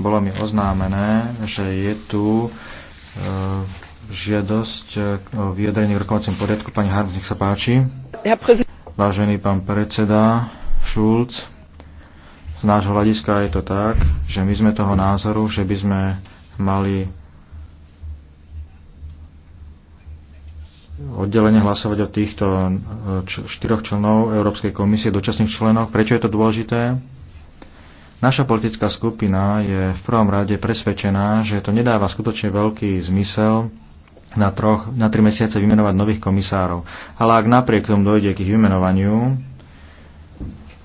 bolo mi oznámené, že je tu e, žiadosť e, o vyjadrenie v rokovacom poriadku. Pani Harms, nech sa páči. Vážený pán predseda Šulc, z nášho hľadiska je to tak, že my sme toho názoru, že by sme mali oddelenie hlasovať o týchto e, štyroch členov Európskej komisie, dočasných členov. Prečo je to dôležité? Naša politická skupina je v prvom rade presvedčená, že to nedáva skutočne veľký zmysel na, troch, na tri mesiace vymenovať nových komisárov. Ale ak napriek tomu dojde k ich vymenovaniu,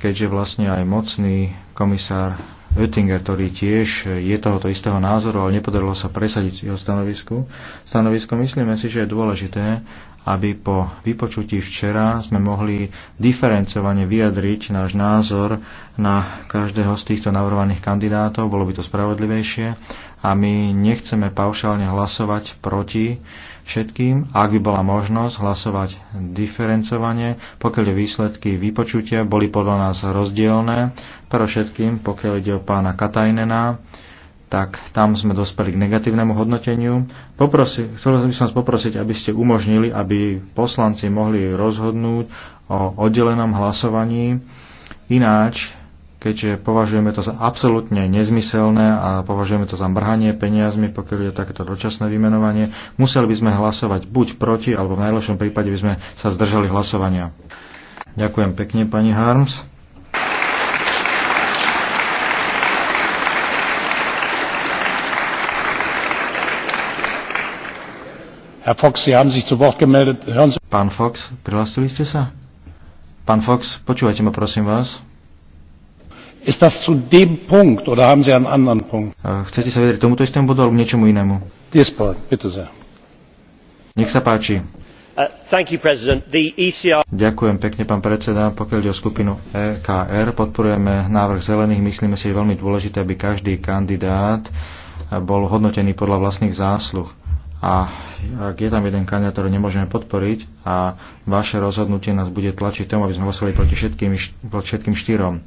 keďže vlastne aj mocný komisár Oettinger, ktorý tiež je tohoto istého názoru, ale nepodarilo sa presadiť jeho stanovisku, stanovisko myslíme si, že je dôležité, aby po vypočutí včera sme mohli diferencovane vyjadriť náš názor na každého z týchto navrhovaných kandidátov, bolo by to spravodlivejšie a my nechceme paušálne hlasovať proti všetkým, ak by bola možnosť hlasovať diferencovane, pokiaľ je výsledky vypočutia boli podľa nás rozdielne, pre všetkým, pokiaľ ide o pána Katajnena, tak tam sme dospeli k negatívnemu hodnoteniu. Poprosi, chcel by som vás poprosiť, aby ste umožnili, aby poslanci mohli rozhodnúť o oddelenom hlasovaní. Ináč, keďže považujeme to za absolútne nezmyselné a považujeme to za mrhanie peniazmi, pokiaľ je takéto dočasné vymenovanie, museli by sme hlasovať buď proti, alebo v najlepšom prípade by sme sa zdržali hlasovania. Ďakujem pekne, pani Harms. Herr Fox, Sie haben sich zu Wort gemeldet. Hören Sie... Pán Fox, prihlásili ste sa? Pán Fox, počúvajte ma, prosím vás. Ist das zu dem Punkt oder haben Sie einen anderen Punkt? Eh, chcete sa vedieť tomuto istému bodu alebo niečomu inému? bitte sehr. Nech sa páči. Uh, you, ECR... E Ďakujem pekne, pán predseda. Pokiaľ ide o skupinu EKR, podporujeme návrh zelených. Myslíme si, že je veľmi dôležité, aby každý kandidát bol hodnotený podľa vlastných zásluh a ak je tam jeden kandidát, ktorý nemôžeme podporiť a vaše rozhodnutie nás bude tlačiť tomu, aby sme hlasovali proti všetkým, proti všetkým štyrom.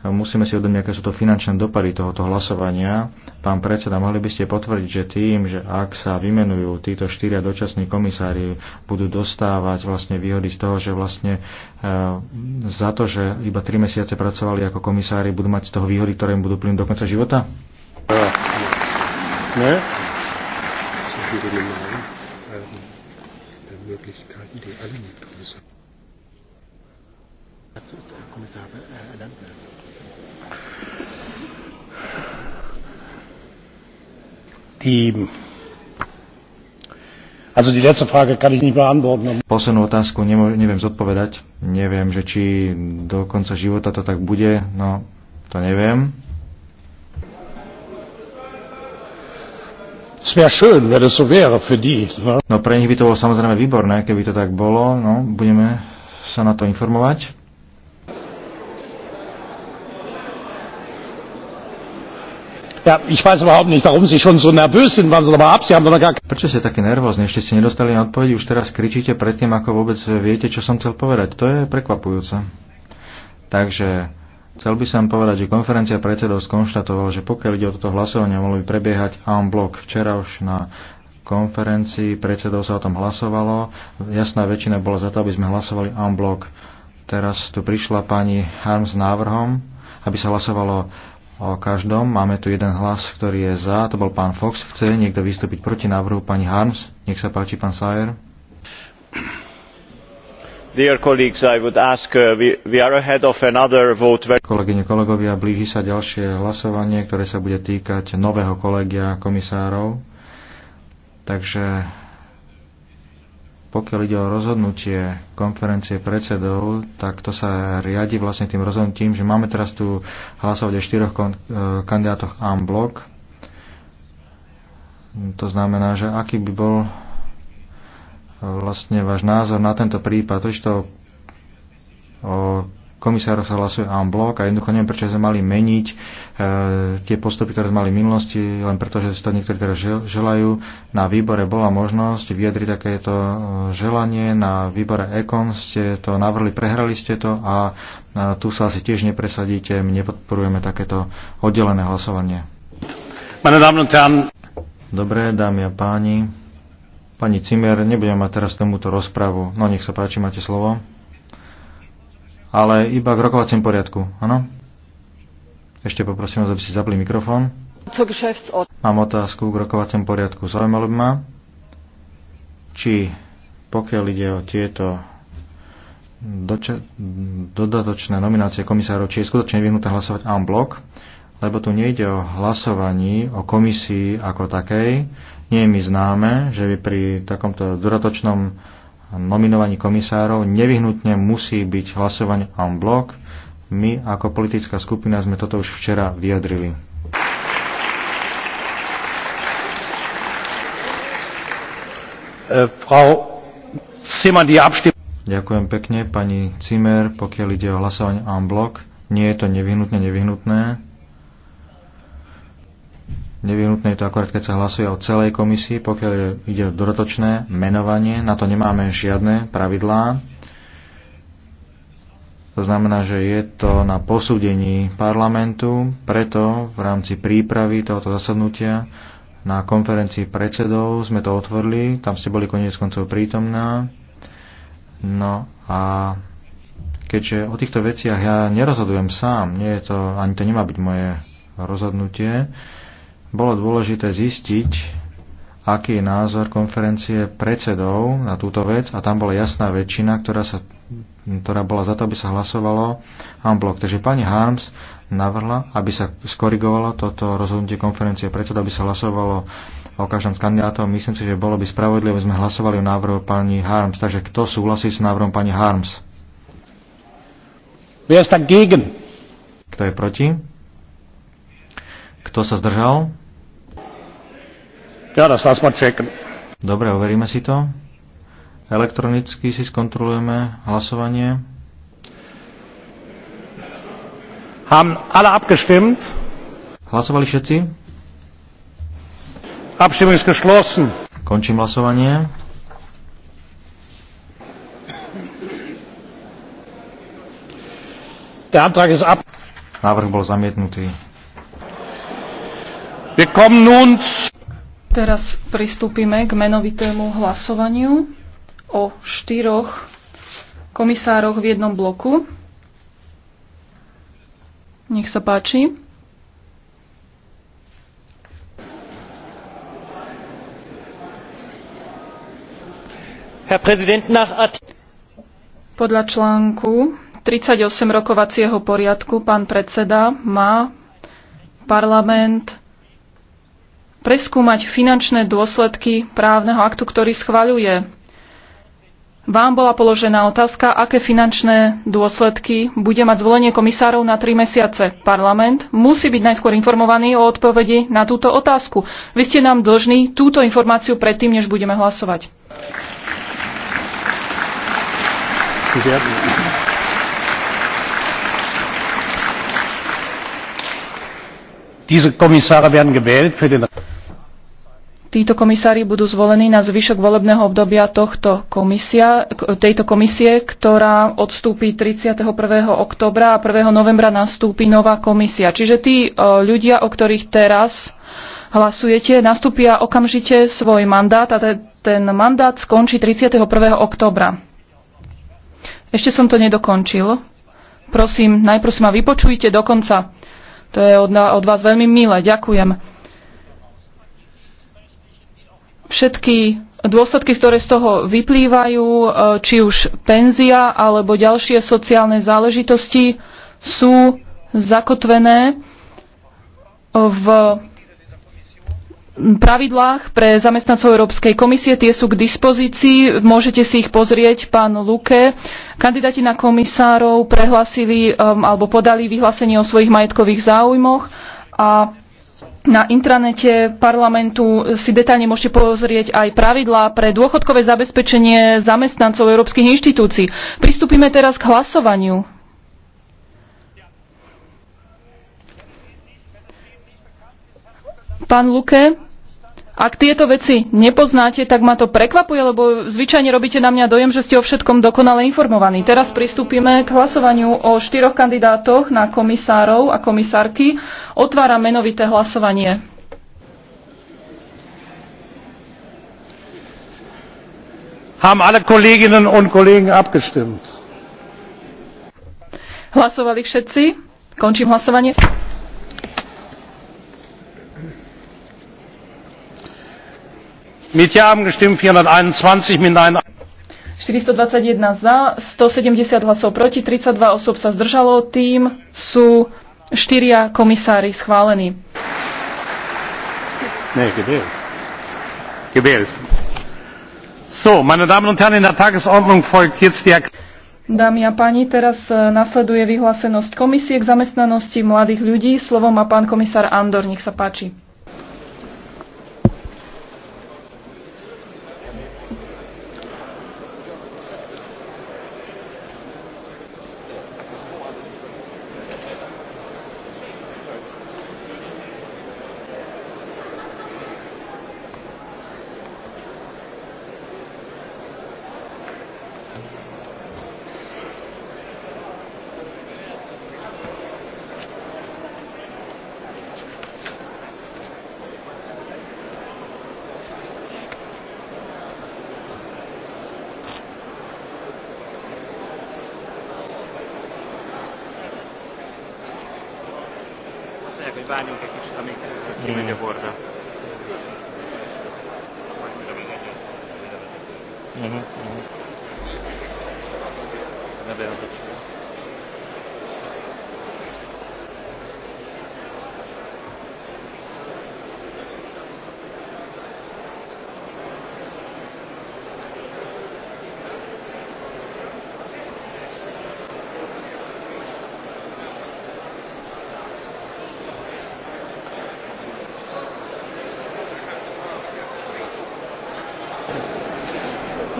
Musíme si uvedomiť, aké sú to finančné dopady tohoto hlasovania. Pán predseda, mohli by ste potvrdiť, že tým, že ak sa vymenujú títo štyria dočasní komisári, budú dostávať vlastne výhody z toho, že vlastne e, za to, že iba tri mesiace pracovali ako komisári, budú mať z toho výhody, ktoré im budú plynúť do konca života? Ne? für den normalen ähm, Möglichkeiten, die alle Kommissare. Kommissar Landwehr. Äh, die, also die letzte Frage kann ich nicht beantworten. Poslednú otázku neviem zodpovedať. Neviem, že či do konca života to tak bude, no to neviem. No pre nich by to bolo samozrejme výborné, keby to tak bolo. No, budeme sa na to informovať. Ja, ich weiß überhaupt nicht, warum Sie schon so nervös sind. Waren Sie doch mal ab, Sie haben doch noch gar... Prečo ste takí nervózni? Ešte ste nedostali na odpovedi, už teraz kričíte predtým, ako vôbec viete, čo som chcel povedať. To je prekvapujúce. Takže Chcel by som povedať, že konferencia predsedov skonštatovala, že pokiaľ ide o toto hlasovanie, mohlo by prebiehať en blok. Včera už na konferencii predsedov sa o tom hlasovalo. Jasná väčšina bola za to, aby sme hlasovali en blok. Teraz tu prišla pani Harms s návrhom, aby sa hlasovalo o každom. Máme tu jeden hlas, ktorý je za. To bol pán Fox. Chce niekto vystúpiť proti návrhu pani Harms? Nech sa páči, pán Sayer. Uh, Kolegyne, kolegovia, blíži sa ďalšie hlasovanie, ktoré sa bude týkať nového kolegia komisárov. Takže pokiaľ ide o rozhodnutie konferencie predsedov, tak to sa riadi vlastne tým rozhodnutím, že máme teraz tu hlasovať o štyroch e, kandidátoch en bloc. To znamená, že aký by bol vlastne váš názor na tento prípad, totiž to o komisárov sa hlasuje en blok a jednoducho neviem, prečo sme mali meniť e, tie postupy, ktoré sme mali v minulosti, len preto, že si to niektorí teraz želajú. Na výbore bola možnosť vyjadriť takéto e, želanie, na výbore EKON ste to navrli, prehrali ste to a e, tu sa asi tiež nepresadíte, my nepodporujeme takéto oddelené hlasovanie. Dobre, dámy a páni, Pani Cimer, nebudem mať teraz tomuto rozpravu. No nech sa páči, máte slovo. Ale iba k rokovacím poriadku, áno? Ešte poprosím vás, aby ste zapli mikrofón. Mám otázku k rokovacím poriadku. Zaujímalo by ma, či pokiaľ ide o tieto dodatočné nominácie komisárov, či je skutočne vyhnuté hlasovať en blok, lebo tu nejde o hlasovaní, o komisii ako takej. Nie je mi známe, že by pri takomto dodatočnom nominovaní komisárov nevyhnutne musí byť hlasovanie en bloc. My ako politická skupina sme toto už včera vyjadrili. Äh, Ďakujem pekne, pani Cimer, pokiaľ ide o hlasovanie en bloc. Nie je to nevyhnutne nevyhnutné Nevyhnutné je to akorát, keď sa hlasuje o celej komisii, pokiaľ ide o dodatočné menovanie. Na to nemáme žiadne pravidlá. To znamená, že je to na posúdení parlamentu, preto v rámci prípravy tohoto zasadnutia na konferencii predsedov sme to otvorili, tam ste boli koniec koncov prítomná. No a keďže o týchto veciach ja nerozhodujem sám, nie je to, ani to nemá byť moje rozhodnutie, bolo dôležité zistiť, aký je názor konferencie predsedov na túto vec a tam bola jasná väčšina, ktorá, sa, ktorá bola za to, aby sa hlasovalo unblock. Takže pani Harms navrhla, aby sa skorigovalo toto rozhodnutie konferencie predsedov, aby sa hlasovalo o každom z kandidátov. Myslím si, že bolo by spravodlivé, aby sme hlasovali o návrhu pani Harms. Takže kto súhlasí s návrhom pani Harms? Kto je proti? Kto sa zdržal? Ja, das lass mal checken. Dobre, overíme si to. Elektronicky si skontrolujeme hlasovanie. Haben alle abgestimmt? Hlasovali všetci? Abstimmung ist geschlossen. Končím hlasovanie. Der Antrag ist ab. Návrh bol zamietnutý. Wir kommen nun Teraz pristúpime k menovitému hlasovaniu o štyroch komisároch v jednom bloku. Nech sa páči. Podľa článku 38 rokovacieho poriadku pán predseda má parlament preskúmať finančné dôsledky právneho aktu, ktorý schvaľuje. Vám bola položená otázka, aké finančné dôsledky bude mať zvolenie komisárov na tri mesiace. Parlament musí byť najskôr informovaný o odpovedi na túto otázku. Vy ste nám dlžní túto informáciu predtým, než budeme hlasovať. Žiadne. diese kommissare werden gewählt für den. Títo komisári budú zvolení na zvyšok volebného obdobia tohto komisia, tejto komisie, ktorá odstúpi 31. oktobra a 1. novembra nastúpi nová komisia. Čiže tí e, ľudia, o ktorých teraz hlasujete, nastúpia okamžite svoj mandát a ten mandát skončí 31. oktobra. Ešte som to nedokončil. Prosím, najprv si ma vypočujte dokonca. To je od, od vás veľmi milé. Ďakujem všetky dôsledky, ktoré z toho vyplývajú, e, či už penzia alebo ďalšie sociálne záležitosti, sú zakotvené v pravidlách pre zamestnancov Európskej komisie. Tie sú k dispozícii, môžete si ich pozrieť, pán Luke. Kandidáti na komisárov prehlasili e, alebo podali vyhlásenie o svojich majetkových záujmoch a na intranete parlamentu si detailne môžete pozrieť aj pravidlá pre dôchodkové zabezpečenie zamestnancov európskych inštitúcií. Pristúpime teraz k hlasovaniu. Pán Luke, ak tieto veci nepoznáte, tak ma to prekvapuje, lebo zvyčajne robíte na mňa dojem, že ste o všetkom dokonale informovaní. Teraz pristúpime k hlasovaniu o štyroch kandidátoch na komisárov a komisárky. Otváram menovité hlasovanie. Haben alle Kolleginnen und Kollegen abgestimmt? Hlasovali všetci? Končím hlasovanie. Mit Ja haben gestimmt 421, mit Nein 421 za, 170 hlasov proti, 32 osob sa zdržalo, tým sú štyria komisári schválení. Nee, gewählt. Gewählt. So, meine Damen und Herren, in der Tagesordnung folgt jetzt die Dámy a páni, teraz e, nasleduje vyhlásenosť komisie k zamestnanosti mladých ľudí. Slovo má pán komisár Andor, nech sa páči. várjunk egy kicsit, amíg kimegy a borda. Uh-huh, uh-huh. Ne bejelentettük.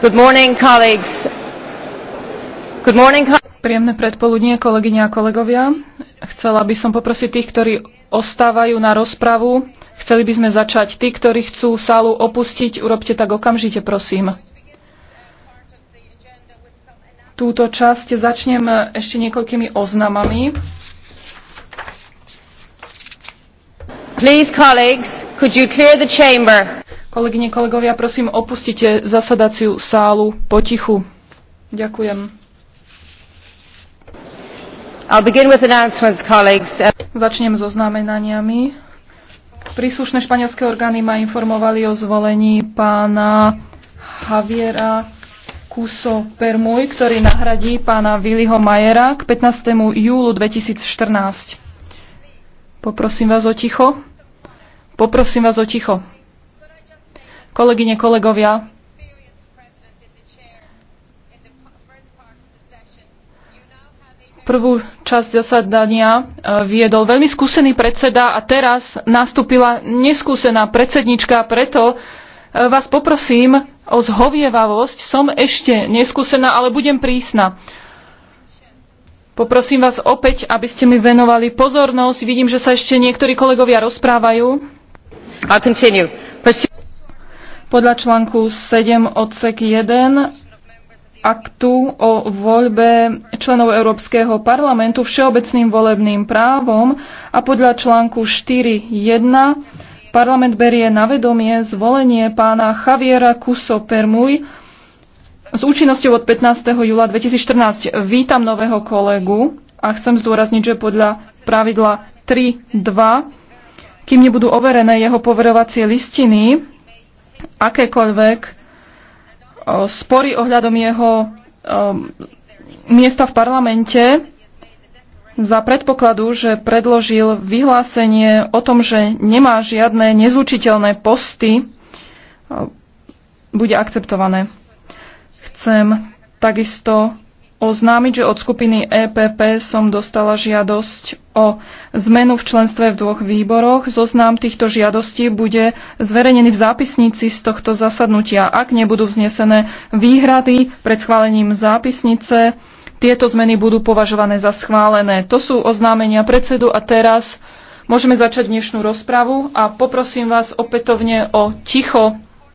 Good morning, colleagues. Good morning, co- Príjemné predpoludnie, kolegyne a kolegovia. Chcela by som poprosiť tých, ktorí ostávajú na rozpravu. Chceli by sme začať. Tí, ktorí chcú sálu opustiť, urobte tak okamžite, prosím. Túto časť začnem ešte niekoľkými oznamami. Please, colleagues, could you clear the chamber? Kolegyne, kolegovia, prosím, opustite zasadaciu sálu potichu. Ďakujem. I'll begin with announcements, colleagues. Začnem so znamenaniami. Príslušné španielské orgány ma informovali o zvolení pána Javiera Kuso Permuj, ktorý nahradí pána Viliho Majera k 15. júlu 2014. Poprosím vás o ticho. Poprosím vás o ticho. Kolegyne, kolegovia, prvú časť zasadania e, viedol veľmi skúsený predseda a teraz nastúpila neskúsená predsednička, preto e, vás poprosím o zhovievavosť. Som ešte neskúsená, ale budem prísna. Poprosím vás opäť, aby ste mi venovali pozornosť. Vidím, že sa ešte niektorí kolegovia rozprávajú. Podľa článku 7 odsek 1 aktu o voľbe členov Európskeho parlamentu všeobecným volebným právom a podľa článku 4.1 parlament berie na vedomie zvolenie pána Javiera Kuso Permuj s účinnosťou od 15. júla 2014. Vítam nového kolegu a chcem zdôrazniť, že podľa pravidla 3.2, kým nebudú overené jeho poverovacie listiny, akékoľvek e, spory ohľadom jeho e, miesta v parlamente za predpokladu, že predložil vyhlásenie o tom, že nemá žiadne nezúčiteľné posty, e, bude akceptované. Chcem takisto oznámiť, že od skupiny EPP som dostala žiadosť o zmenu v členstve v dvoch výboroch. Zoznam týchto žiadostí bude zverejnený v zápisnici z tohto zasadnutia. Ak nebudú vznesené výhrady pred schválením zápisnice, tieto zmeny budú považované za schválené. To sú oznámenia predsedu a teraz môžeme začať dnešnú rozpravu a poprosím vás opätovne o ticho.